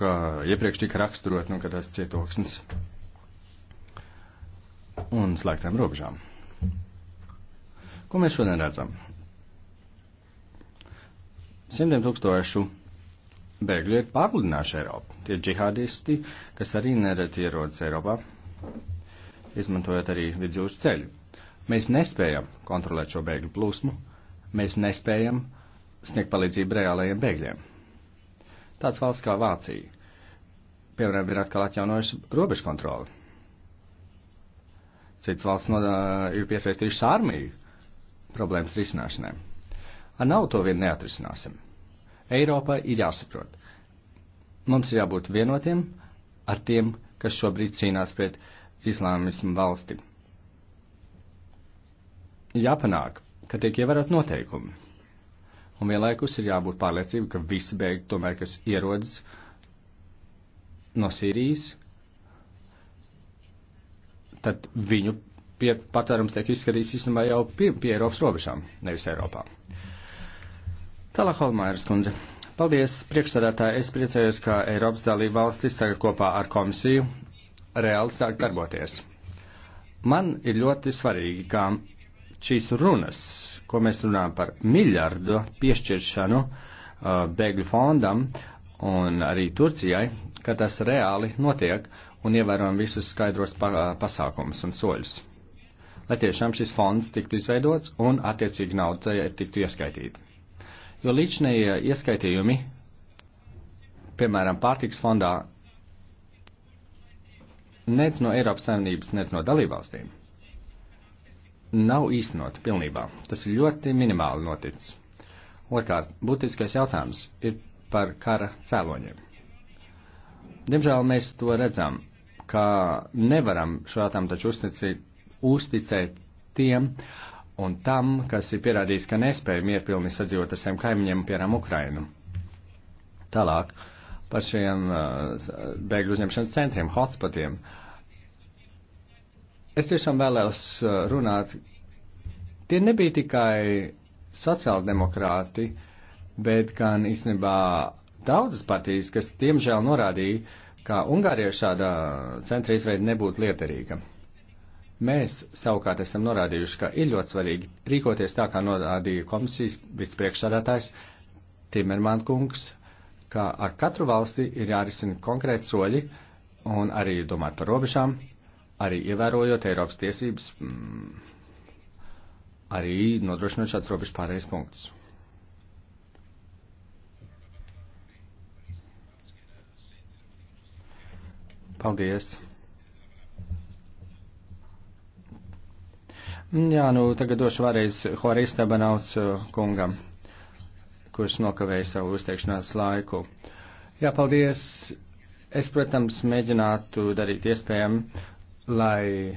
ka iepriekš tika raksturot, nu, ka tas cietoksnis un slēgtām robežām. Ko mēs šodien redzam? Simtiem tūkstošu bēgļu ir pārpludinājuši Eiropu. Tie džihādisti, kas arī nereti ierodas Eiropā, izmantojot arī vidusjūras ceļu. Mēs nespējam kontrolēt šo bēgļu plūsmu, mēs nespējam sniegt palīdzību reālajiem bēgļiem. Tāds valsts kā Vācija, piemēram, ir atkal atjaunojusi robežu kontroli. Cits valsts no, ir piesaistījušas armiju problēmas risināšanai. Ar naudu to vien neatrisināsim. Eiropai ir jāsaprot. Mums ir jābūt vienotiem ar tiem, kas šobrīd cīnās pret islāmismu valsti jāpanāk, ka tiek ievērot noteikumi. Un vienlaikus ir jābūt pārliecība, ka visi bēgļi tomēr, kas ierodas no Sīrijas, tad viņu patvērums tiek izskatīts īstenībā jau pie, pie Eiropas robežām, nevis Eiropā. Tālāk, Holmairas kundze. Paldies, priekšsādātāji. Es priecājos, ka Eiropas dalība valstis tagad kopā ar komisiju reāli sāk darboties. Man ir ļoti svarīgi, ka šīs runas, ko mēs runājam par miljardu piešķiršanu uh, bēgļu fondam un arī Turcijai, ka tas reāli notiek un ievērojam visus skaidros pa, uh, pasākumus un soļus. Lai tiešām šis fonds tiktu izveidots un attiecīgi nauda tiktu ieskaitīta. Jo līdšanējieieskaitījumi, piemēram, pārtiks fondā, nec no Eiropas Savienības, nec no dalībvalstīm nav īstenot pilnībā. Tas ir ļoti minimāli noticis. Otrkārt, būtiskais jautājums ir par kara cēloņiem. Diemžēl mēs to redzam, ka nevaram šo jautājumu taču uzticēt, uzticēt tiem un tam, kas ir pierādījis, ka nespēja mierpilni sadzīvot ar saviem kaimiņiem, piemēram, Ukrainu. Tālāk par šiem uh, bēgļu uzņemšanas centriem, hotspotiem. Uh, es tiešām vēlējos uh, runāt. Tie nebija tikai sociāldemokrāti, bet gan īstenībā daudzas partijas, kas tiemžēl norādīja, ka Ungārija šāda centra izveida nebūtu lietarīga. Mēs savukārt esam norādījuši, ka ir ļoti svarīgi rīkoties tā, kā norādīja komisijas vicepriekšsādātājs Timermant kungs, ka ar katru valsti ir jārisina konkrēti soļi un arī domāt par robežām, arī ievērojot Eiropas tiesības, m, mm, arī nodrošinot šāds robežu pārējais punktus. Paldies! Jā, nu tagad došu vēlreiz Horis Tabanauts uh, kungam, kurš nokavēja savu uzteikšanās laiku. Jā, paldies! Es, protams, mēģinātu darīt iespējami, lai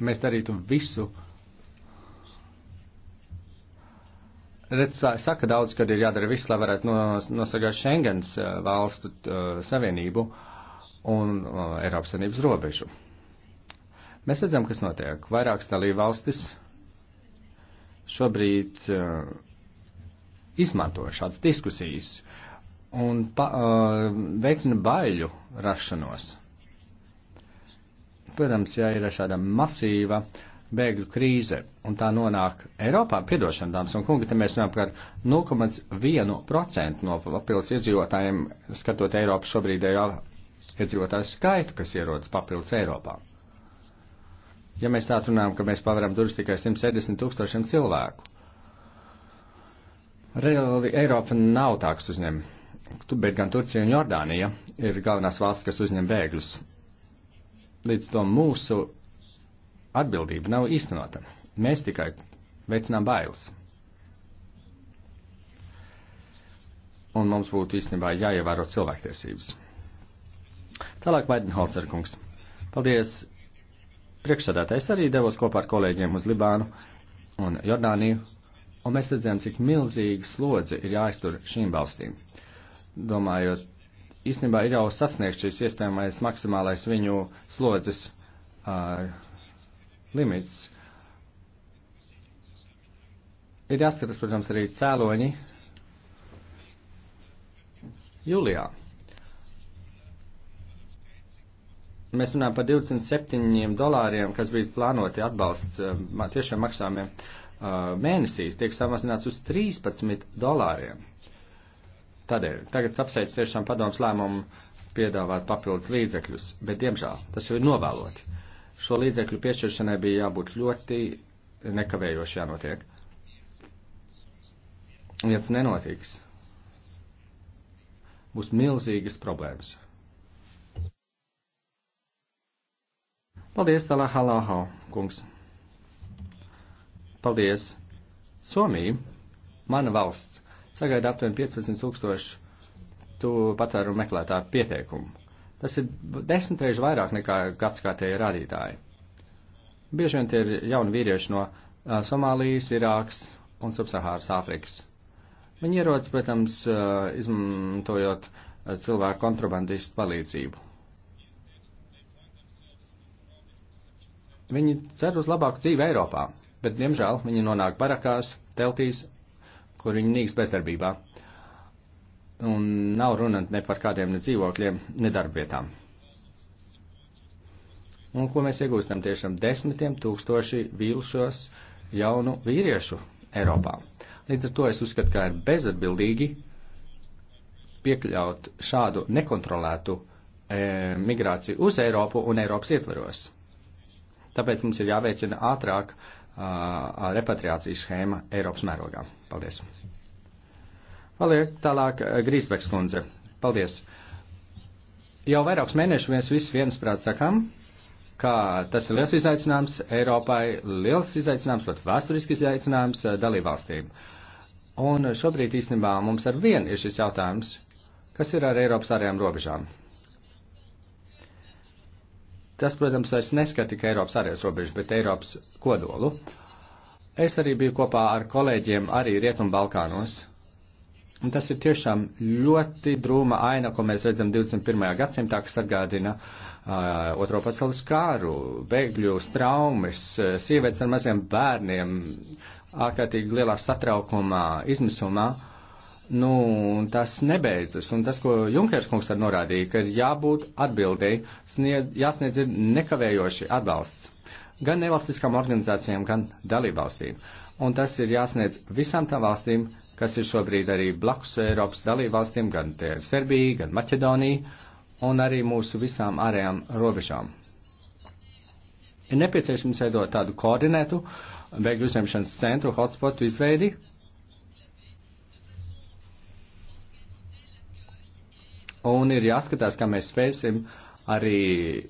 mēs darītu visu. Redz, saka daudz, kad ir jādara viss, lai varētu nosagāt Schengens eh, valstu eh, savienību un eh, Eiropas savienības robežu. Mēs redzam, kas notiek. Vairākas dalību valstis šobrīd izmanto šādas diskusijas un pa, veicina baiļu rašanos. Protams, ja ir šāda masīva bēgļu krīze un tā nonāk Eiropā, piedošana, dāmas un kungi, tad mēs runājam par 0,1% no papildus iedzīvotājiem, skatot Eiropu šobrīd iedzīvotāju skaitu, kas ierodas papildus Eiropā. Ja mēs tā runājam, ka mēs pavaram durvis tikai 170 tūkstošiem cilvēku, reāli Eiropa nav tāks uzņem, bet gan Turcija un Jordānija ir galvenās valsts, kas uzņem bēgļus līdz to mūsu atbildība nav īstenota. Mēs tikai veicinām bailes. Un mums būtu īstenībā jāievēro cilvēktiesības. Tālāk Vaidenholzer kungs. Paldies. Priekšsādātais arī devos kopā ar kolēģiem uz Libānu un Jordāniju, un mēs redzējām, cik milzīgi slodzi ir jāiztur šīm valstīm. Domājot īstenībā ir jau sasniegts šīs iespējamais maksimālais viņu slodzes uh, limits. Ir jāskatās, protams, arī cēloņi jūlijā. Mēs runājam par 27 dolāriem, kas bija plānoti atbalsts tiešiem maksājumiem mēnesīs, tiek samazināts uz 13 dolāriem. Tādēļ tagad apsveic tiešām padoms lēmumu piedāvāt papildus līdzekļus, bet diemžēl tas jau ir novēloti. Šo līdzekļu piešķiršanai bija jābūt ļoti nekavējoši jānotiek. Ja tas nenotiks, būs milzīgas problēmas. Paldies, Tālā Halāho, kungs. Paldies. Somija, mana valsts, sagaida aptuveni 15 tūkstošu patērumu meklētāju pieteikumu. Tas ir desmit reizes vairāk nekā gadskārtēji rādītāji. Bieži vien tie ir jauni vīrieši no uh, Somālijas, Irākas un Subsahāras Āfrikas. Viņi ierodas, protams, uh, izmantojot uh, cilvēku kontrabandistu palīdzību. Viņi cer uz labāku dzīvi Eiropā, bet, diemžēl, viņi nonāk barakās, teltīs kur viņi nīks bezdarbībā. Un nav runa ne par kādiem ne dzīvokļiem, ne darbvietām. Un ko mēs iegūstam tiešām desmitiem tūkstoši vīlušos jaunu vīriešu Eiropā. Līdz ar to es uzskatu, ka ir bezatbildīgi piekļaut šādu nekontrolētu e, migrāciju uz Eiropu un Eiropas ietveros. Tāpēc mums ir jāveicina ātrāk repatriācijas schēma Eiropas mērogā. Paldies! Paliek tālāk eh, Grīsbeks kundze. Paldies! Jau vairākus mēnešus mēs visi viensprāt sakām, ka tas ir liels izaicinājums Eiropai, liels izaicinājums, pat vēsturiski izaicinājums eh, dalībvalstīm. Un šobrīd īstenībā mums ar vienu ir šis jautājums, kas ir ar Eiropas ārējām robežām. Tas, protams, vairs neskata tikai Eiropas ārējās robežas, bet Eiropas kodolu. Es arī biju kopā ar kolēģiem arī Rietumbalkānos. Un tas ir tiešām ļoti drūma aina, ko mēs redzam 21. gadsimtā, kas atgādina uh, Otro pasaules kāru, bēgļu traumas, sievietes ar maziem bērniem, ārkārtīgi lielā satraukumā, izmisumā. Uh, Nu, tas nebeidzas, un tas, ko Junkers kungs ar norādīja, ka ir jābūt atbildēji, sniedz, jāsniedz ir nekavējoši atbalsts gan nevalstiskām organizācijām, gan dalībvalstīm. Un tas ir jāsniedz visām tām valstīm, kas ir šobrīd arī blakus Eiropas dalībvalstīm, gan te ir Serbija, gan Maķedonija, un arī mūsu visām ārējām robežām. Ir nepieciešams veidot tādu koordinētu bēgļu uzņemšanas centru, hotspotu izveidi, un ir jāskatās, kā mēs spēsim arī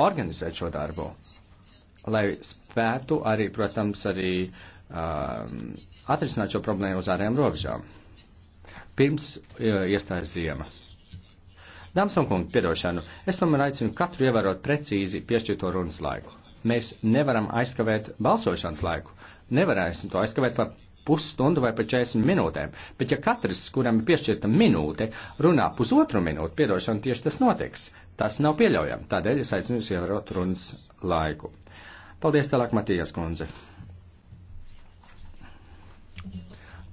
organizēt šo darbu, lai spētu arī, protams, arī um, atrisināt šo problēmu uz ārējām robežām. Pirms uh, iestājas ziema. Dāmas un kungi, piedošanu, es tomēr aicinu katru ievērot precīzi piešķirto runas laiku. Mēs nevaram aizskavēt balsošanas laiku. Nevarēsim to aizskavēt par pusstundu vai pat 40 minūtēm. Bet ja katrs, kuram ir piešķirta minūte, runā pusotru minūti, piedošana tieši tas notiks. Tas nav pieļaujami. Tādēļ es aicinu jūs ievērot runas laiku. Paldies tālāk, Matijas kundze.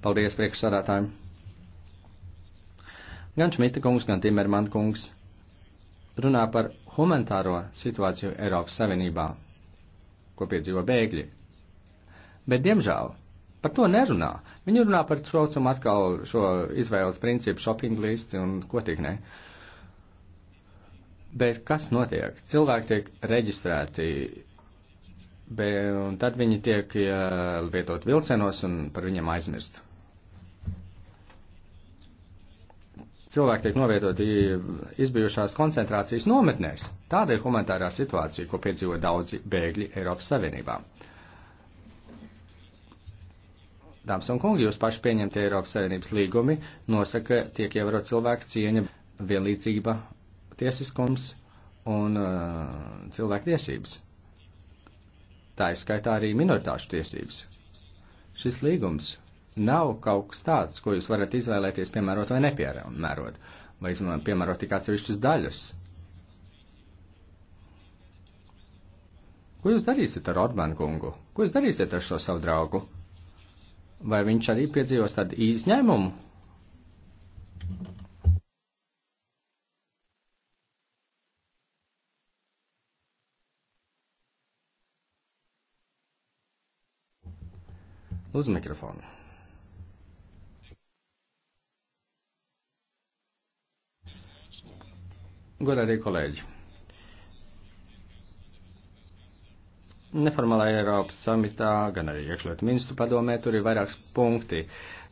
Paldies priekšsādātājiem. Gan Šmita kungs, gan Timerman kungs runā par humanitāro situāciju Eiropas Savienībā, ko piedzīvo bēgļi. Bet, diemžēl, Par to nerunā. Viņi runā par traucam atkal šo izvēles principu, shopping listi un ko tik ne. Bet kas notiek? Cilvēki tiek reģistrēti, bet, un tad viņi tiek ja, vietot vilcenos un par viņiem aizmirst. cilvēki tiek novietoti izbijušās koncentrācijas nometnēs. Tāda ir humanitārā situācija, ko piedzīvo daudzi bēgļi Eiropas Savienībā. Dāmas un kungi, jūs paši pieņemtie Eiropas Savienības līgumi nosaka, tiek ievērot cilvēku cieņa, vienlīdzība, tiesiskums un uh, cilvēku tiesības. Tā izskaitā arī minoritāšu tiesības. Šis līgums nav kaut kas tāds, ko jūs varat izvēlēties piemērot vai nepiemērot, vai piemērot tikai atsevišķas daļas. Ko jūs darīsiet ar Orbán kungu? Ko jūs darīsiet ar šo savu draugu? Vai viņš arī piedzīvos tādu izņēmumu? Lūdzu, mikrofonu. Godātie kolēģi! neformālajā Eiropas samitā, gan arī iekšlietu ministru padomē, tur ir vairāks punkti,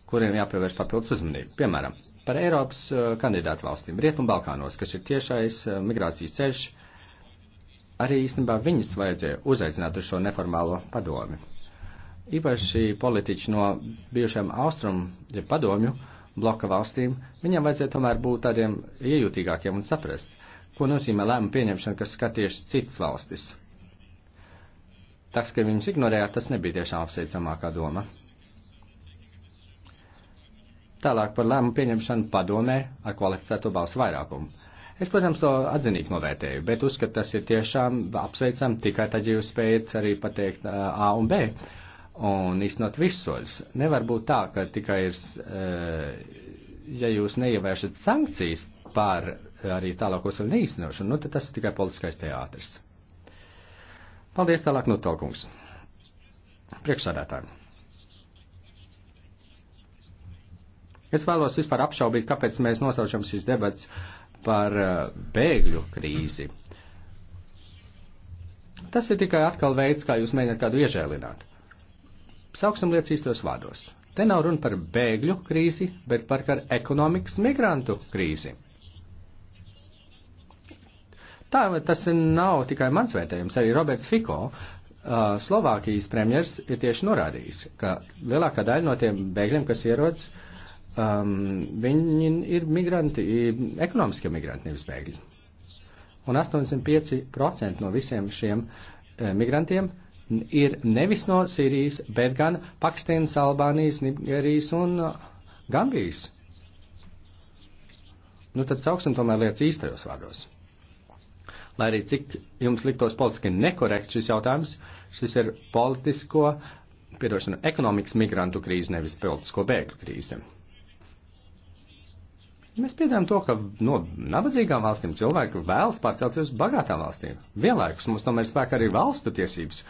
kuriem jāpievērš papildus uzmanību. Piemēram, par Eiropas uh, kandidātu valstīm, Rietumu Balkānos, kas ir tiešais uh, migrācijas ceļš, arī īstenībā viņas vajadzēja uzaicināt uz šo neformālo padomi. Īpaši politiķi no bijušajām austrumu, ja padomju, bloka valstīm, viņiem vajadzēja tomēr būt tādiem iejūtīgākiem un saprast, ko nozīmē lēma pieņemšana, kas skatiešas citas valstis. Tas, ka viņus ignorējāt, tas nebija tiešām apsveicamākā doma. Tālāk par lēmumu pieņemšanu padomē ar kvalificēto balsu vairākumu. Es, protams, to atzinīgi novērtēju, bet uzskatu, tas ir tiešām apsveicam tikai tad, ja jūs spējat arī pateikt A un B un iznot visus. Nevar būt tā, ka tikai ir, ja jūs neievēršat sankcijas par arī tālākos un neiznošanu, nu, tad tas ir tikai politiskais teātris. Paldies tālāk no Tolkungs. Priekšsādātāji. Es vēlos vispār apšaubīt, kāpēc mēs nosaucam šīs debats par eh, bēgļu krīzi. Tas ir tikai atkal veids, kā jūs mēģināt kādu iežēlināt. Sauksim lietas īstos vārdos. Te nav runa par bēgļu krīzi, bet par ekonomikas migrantu krīzi. Tā, tas nav tikai mans vērtējums, arī Roberts Fiko, uh, Slovākijas premjers, ir tieši norādījis, ka lielākā daļa no tiem bēgļiem, kas ierodas, um, viņi ir migranti, ekonomiskie migranti, nevis bēgļi. Un 85% no visiem šiem uh, migrantiem ir nevis no Sīrijas, bet gan Pakistānas, Albānijas, Nigērijas un uh, Gambijas. Nu tad sauksim tomēr lietas īstajos vārdos. Lai arī cik jums liktos politiski nekorekts šis jautājums, šis ir politisko, piedošana, ekonomikas migrantu krīze, nevis politisko bēgļu krīze. Mēs piedām to, ka no nabadzīgām valstīm cilvēki vēlas pārcelties uz bagātām valstīm. Vienlaikus mums tomēr spēkā arī valstu tiesības,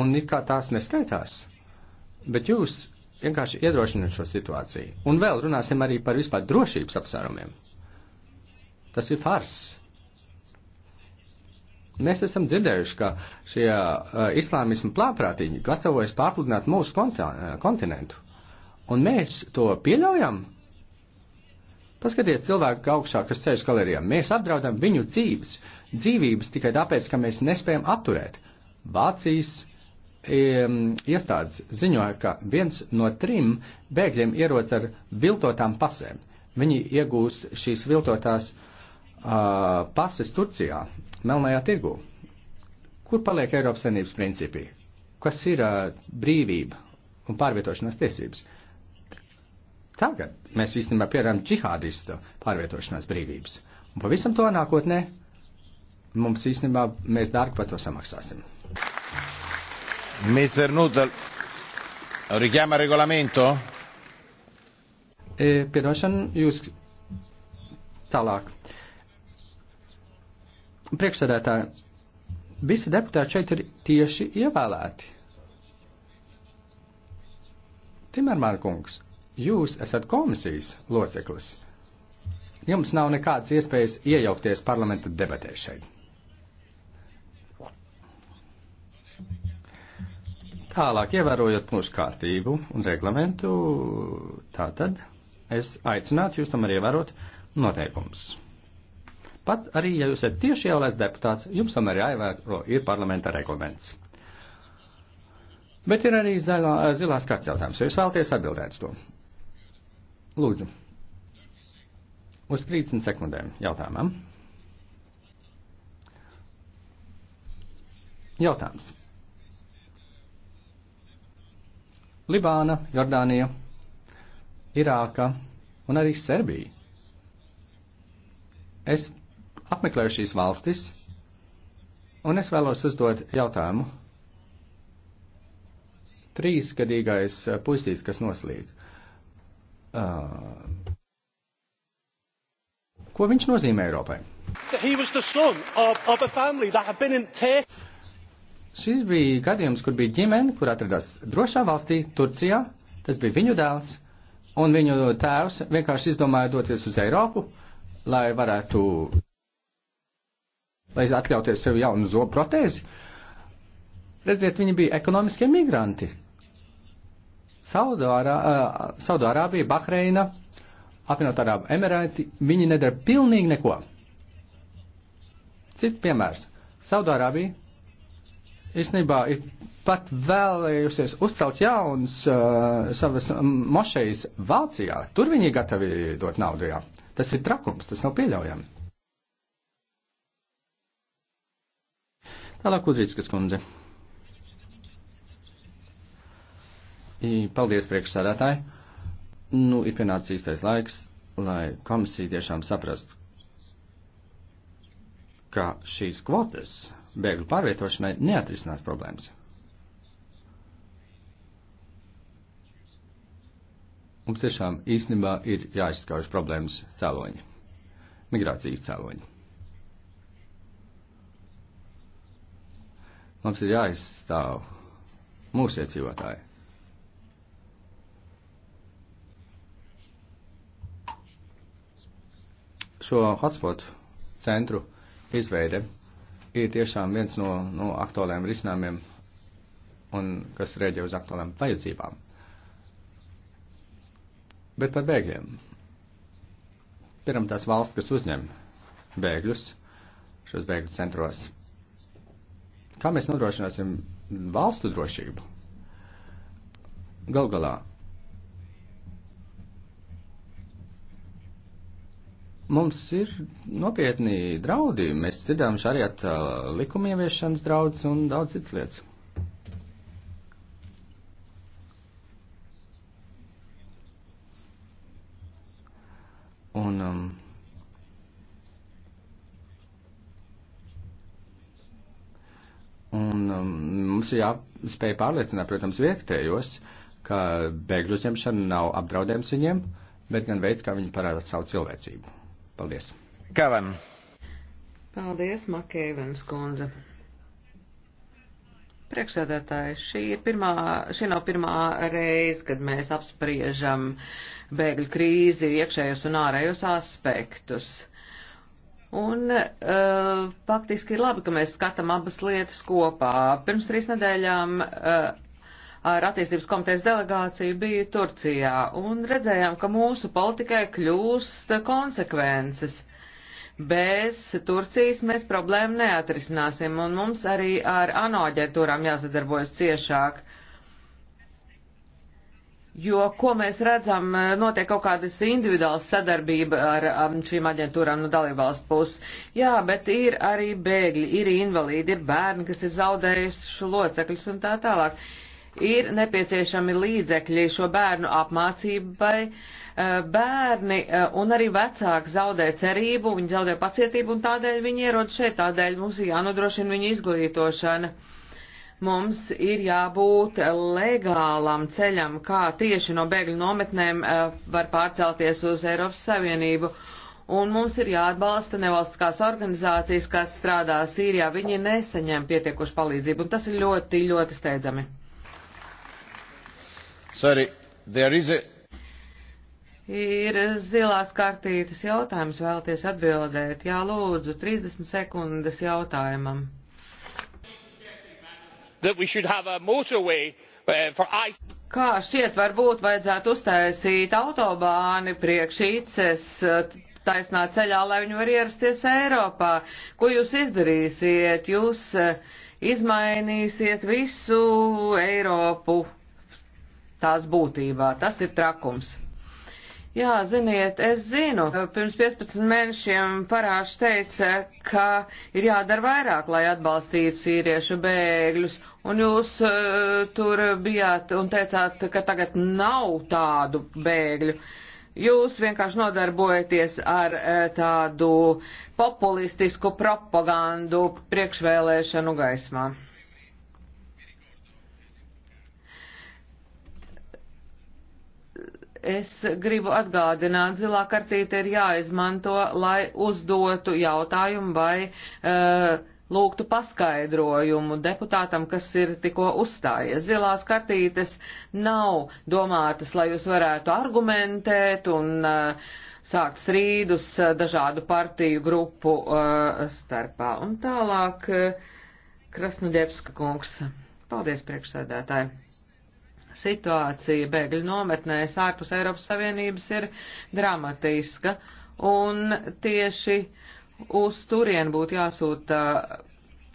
un it kā tās neskaitās. Bet jūs vienkārši iedrošināt šo situāciju. Un vēl runāsim arī par vispār drošības apsvērumiem. Tas ir fars. Mēs esam dzirdējuši, ka šie uh, islāmismu plāprātīgi gatavojas pārpludināt mūsu uh, kontinentu. Un mēs to pieļaujam? Paskaties cilvēku augšā, kas sēž galerijā. Mēs apdraudam viņu dzīves, dzīvības tikai tāpēc, ka mēs nespējam apturēt. Vācijas um, iestādes ziņoja, ka viens no trim bēgļiem ierodas ar viltotām pasēm. Viņi iegūst šīs viltotās uh, pases Turcijā, melnajā tirgu. Kur paliek Eiropas Savienības principi? Kas ir uh, brīvība un pārvietošanās tiesības? Tagad mēs īstenībā pierādām džihādistu pārvietošanās brīvības. Un pavisam to nākotnē mums īstenībā mēs dārgi par to samaksāsim. Mr. Nudel, richiama regolamento? E, Piedošana, jūs tālāk priekšsēdētāji, visi deputāti šeit ir tieši ievēlēti. Timermāra kungs, jūs esat komisijas loceklis. Jums nav nekādas iespējas iejaukties parlamenta debatē šeit. Tālāk, ievērojot mūsu kārtību un reglamentu, tātad es aicinātu jūs tomēr ievērot noteikumus. Pat arī, ja jūs esat tieši ievēlēts deputāts, jums tomēr jāievēro ir parlamenta reglaments. Bet ir arī zaļā, zilās kārtas jautājums, ja jūs vēlaties atbildēt uz to. Lūdzu. Uz 30 sekundēm jautājumam. Jautājums. Libāna, Jordānija, Irāka un arī Serbija. Es apmeklēju šīs valstis, un es vēlos uzdot jautājumu. Trīsgadīgais eh, puisīts, kas noslīd. Uh, ko viņš nozīmē Eiropai? Of, of Šis bija gadījums, kur bija ģimene, kur atradās drošā valstī, Turcijā. Tas bija viņu dēls, un viņu tēvs vienkārši izdomāja doties uz Eiropu, lai varētu lai atļauties sev jaunu zobu protēzi. Redziet, viņi bija ekonomiskie migranti. Saudārābija, Saudārā Bahreina, apvienotā Arābu Emirāti, viņi nedara pilnīgi neko. Cits piemērs. Saudārābija īstenībā ir pat vēlējusies uzcelt jaunas uh, savas mošejas Vācijā. Tur viņi gatavi dot naudu, jā. Tas ir trakums, tas nav pieļaujami. Tālāk Kudrītskas kundze. Paldies priekšsādātāji. Nu, ir pienācis īstais laiks, lai komisija tiešām saprastu, ka šīs kvotas bēgļu pārvietošanai neatrisinās problēmas. Mums tiešām īstenībā ir jāizskauž problēmas cēloņi, migrācijas cēloņi. Mums ir jāizstāv mūsu iedzīvotāji. Šo hotspot centru izveide ir tiešām viens no, no aktuālajiem risinājumiem, un kas rēģē uz aktuālajām vajadzībām. Bet par bēgļiem. Pirmā tās valsts, kas uzņem bēgļus šos bēgļu centros, Kā mēs nodrošināsim valstu drošību? Gal galā mums ir nopietni draudi. Mēs dzirdām šariet likumieviešana draudz un daudz citas lietas. Un um, mums ir jāspēj pārliecināt, protams, viektējos, ka bēgļu uzņemšana nav apdraudējums viņiem, bet gan veids, kā viņi parāda savu cilvēcību. Paldies! Kavan! Paldies, Makēvens kundze! Priekšsēdētāji, šī, ir pirmā, šī nav pirmā reize, kad mēs apspriežam bēgļu krīzi iekšējos un ārējos aspektus. Uh, Un uh, faktiski ir labi, ka mēs skatām abas lietas kopā. Pirms trīs nedēļām uh, ar attīstības komitejas delegāciju biju Turcijā un redzējām, ka mūsu politikai kļūst konsekvences. Bez Turcijas mēs problēmu neatrisināsim, un mums arī ar ANO aģentūrām jāsadarbojas ciešāk. Jo, ko mēs redzam, notiek kaut kādas individuālas sadarbība ar um, šīm aģentūrām no dalībvalstu puses. Jā, bet ir arī bēgļi, ir invalīdi, ir bērni, kas ir zaudējuši locekļus un tā tālāk. Ir nepieciešami līdzekļi šo bērnu apmācībai. Uh, bērni uh, un arī vecāki zaudē cerību, viņi zaudē pacietību un tādēļ viņi ierod šeit, tādēļ mums ir jānodrošina viņu izglītošana. Uh, Mums ir jābūt legālam ceļam, kā tieši no bēgļu nometnēm eh, var pārcelties uz Eiropas Savienību. Un mums ir jāatbalsta nevalstiskās organizācijas, kas strādā Sīrijā. Viņi nesaņem pietiekušu palīdzību, un tas ir ļoti, ļoti steidzami. Sorry, there is a Ir zilās kartītes jautājums, vēlties atbildēt. Jā, lūdzu, 30 sekundes jautājumam that we should have a motorway uh, for ice. Kā šķiet, varbūt vajadzētu uztaisīt autobāni priekš ICES uh, taisnā ceļā, lai viņi var ierasties Eiropā. Ko jūs izdarīsiet? Jūs uh, izmainīsiet visu Eiropu tās būtībā. Tas ir trakums. Jā, ziniet, es zinu, pirms 15 mēnešiem parāši teica, ka ir jādara vairāk, lai atbalstītu sīriešu bēgļus, un jūs uh, tur bijāt un teicāt, ka tagad nav tādu bēgļu. Jūs vienkārši nodarbojaties ar uh, tādu populistisku propagandu priekšvēlēšanu gaismā. Es gribu atgādināt, zilā kartīte ir jāizmanto, lai uzdotu jautājumu vai uh, lūgtu paskaidrojumu deputātam, kas ir tikko uzstājies. Zilās kartītes nav domātas, lai jūs varētu argumentēt un uh, sākt strīdus uh, dažādu partiju grupu uh, starpā. Un tālāk uh, Krasnodebska kungs. Paldies, priekšsēdētāji! situācija bēgļu nometnēs ārpus Eiropas Savienības ir dramatiska, un tieši uz turien būtu jāsūta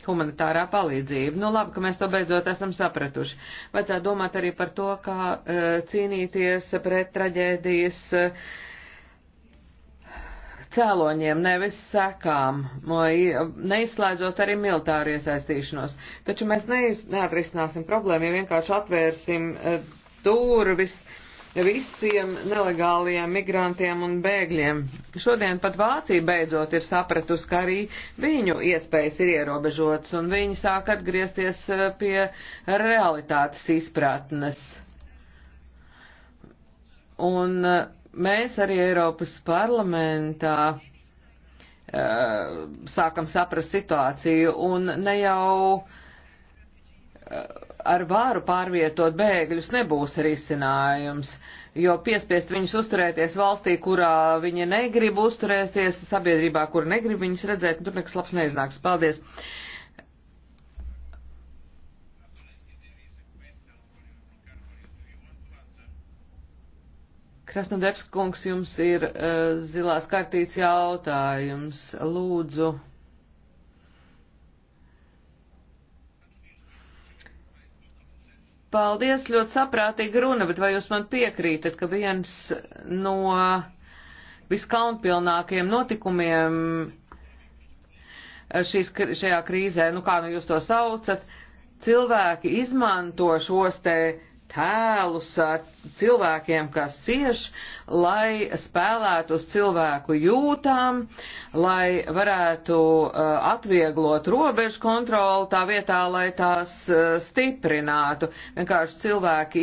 humanitārā palīdzība. Nu labi, ka mēs to beidzot esam sapratuši. Vajadzētu domāt arī par to, kā uh, cīnīties pret traģēdijas uh, cēloņiem, nevis sekām, neizslēdzot arī militāru iesaistīšanos. Taču mēs neiz, neatrisināsim problēmu, ja vienkārši atvērsim e, durvis visiem nelegāliem migrantiem un bēgļiem. Šodien pat Vācija beidzot ir sapratusi, ka arī viņu iespējas ir ierobežotas, un viņi sāk atgriezties e, pie realitātes izpratnes. Un uh, mēs arī Eiropas parlamentā uh, sākam saprast situāciju un ne jau uh, ar vāru pārvietot bēgļus nebūs risinājums, jo piespiest viņus uzturēties valstī, kurā viņi negrib uzturēties, sabiedrībā, kur negrib viņus redzēt, tur nekas labs neiznāks. Paldies! Uh, Krasnodebs kungs, jums ir uh, zilās kartīts jautājums. Lūdzu. Paldies, ļoti saprātīga runa, bet vai jūs man piekrītat, ka viens no viskaunpilnākajiem notikumiem eh, šīs, šajā krīzē, nu kā nu jūs to saucat, cilvēki izmanto šos te uh, tēlus ar cilvēkiem, kas cieš, lai spēlētu uz cilvēku jūtām, lai varētu uh, atvieglot robežu kontroli tā vietā, lai tās uh, stiprinātu. Vienkārši cilvēki